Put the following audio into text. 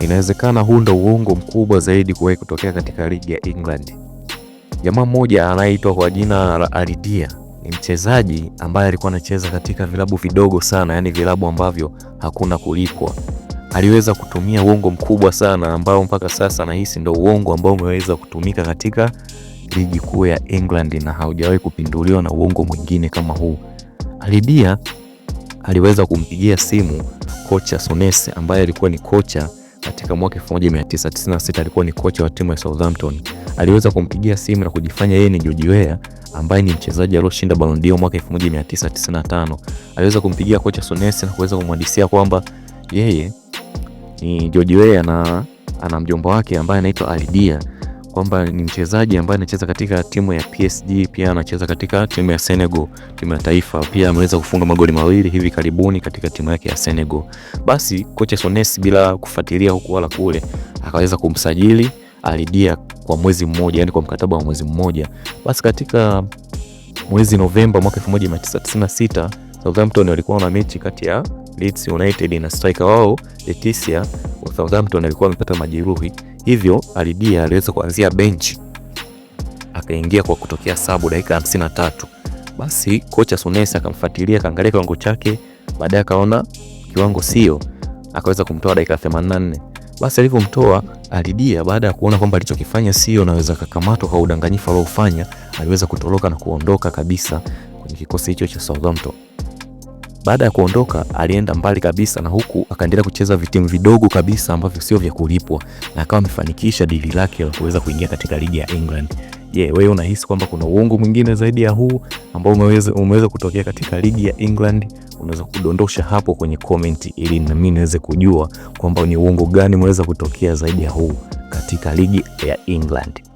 Inawezekana huu ndo uongo mkubwa zaidi kuwahi kutokea katika ligi ya England. Jamaa mmoja anayeitwa kwa jina la Aridia ni mchezaji ambaye alikuwa anacheza katika vilabu vidogo sana, yani vilabu ambavyo hakuna kulipwa. Aliweza kutumia uongo mkubwa sana ambao mpaka sasa nahisi ndo uongo ambao umeweza kutumika katika ligi kuu ya England na haujawahi kupinduliwa na uongo mwingine kama huu. Aridia aliweza kumpigia simu kocha Sonese ambaye alikuwa ni kocha katika mwaka 1996 alikuwa ni kocha wa timu ya Southampton. Aliweza kumpigia simu na kujifanya yeye ni George Weah ambaye ni mchezaji aliyoshinda Ballon d'Or mwaka 1995. Aliweza kumpigia kocha sonesi na kuweza kumhadisia kwamba yeye ni George Weah na ana mjomba wake ambaye anaitwa Alidia kwamba ni mchezaji ambaye anacheza katika timu ya PSG, pia anacheza katika timu ya Senegal, timu ya taifa. Pia ameweza kufunga magoli mawili hivi karibuni katika timu yake ya Senegal. Basi kocha Sones bila kufuatilia huku wala kule, akaweza kumsajili alidia kwa mwezi mmoja, yani kwa mkataba wa mwezi mmoja. Basi katika mwezi Novemba mwaka 1996 Southampton walikuwa na mechi kati ya Leeds United na striker wao Letisia. Southampton alikuwa amepata majeruhi Hivyo Ali aliweza kuanzia benchi akaingia kwa kutokea sabu dakika 53. Basi kocha Sunesi akamfuatilia akaangalia kiwango chake, baadaye akaona kiwango sio, akaweza kumtoa dakika 84. Basi alivyomtoa Alidia, baada ya kuona kwamba alichokifanya sio naweza akakamatwa kwa udanganyifu aliofanya, aliweza kutoroka na kuondoka kabisa kwenye kikosi hicho cha Southampton. Baada ya kuondoka alienda mbali kabisa, na huku akaendelea kucheza vitimu vidogo kabisa ambavyo sio vya kulipwa, na akawa amefanikisha dili lake la kuweza kuingia katika ligi ya England. Je, yeah, wewe unahisi kwamba kuna uongo mwingine zaidi ya huu ambao umeweza, umeweza kutokea katika ligi ya England? Unaweza kudondosha hapo kwenye comment ili na mimi niweze kujua kwamba ni uongo gani umeweza kutokea zaidi ya huu katika ligi ya England.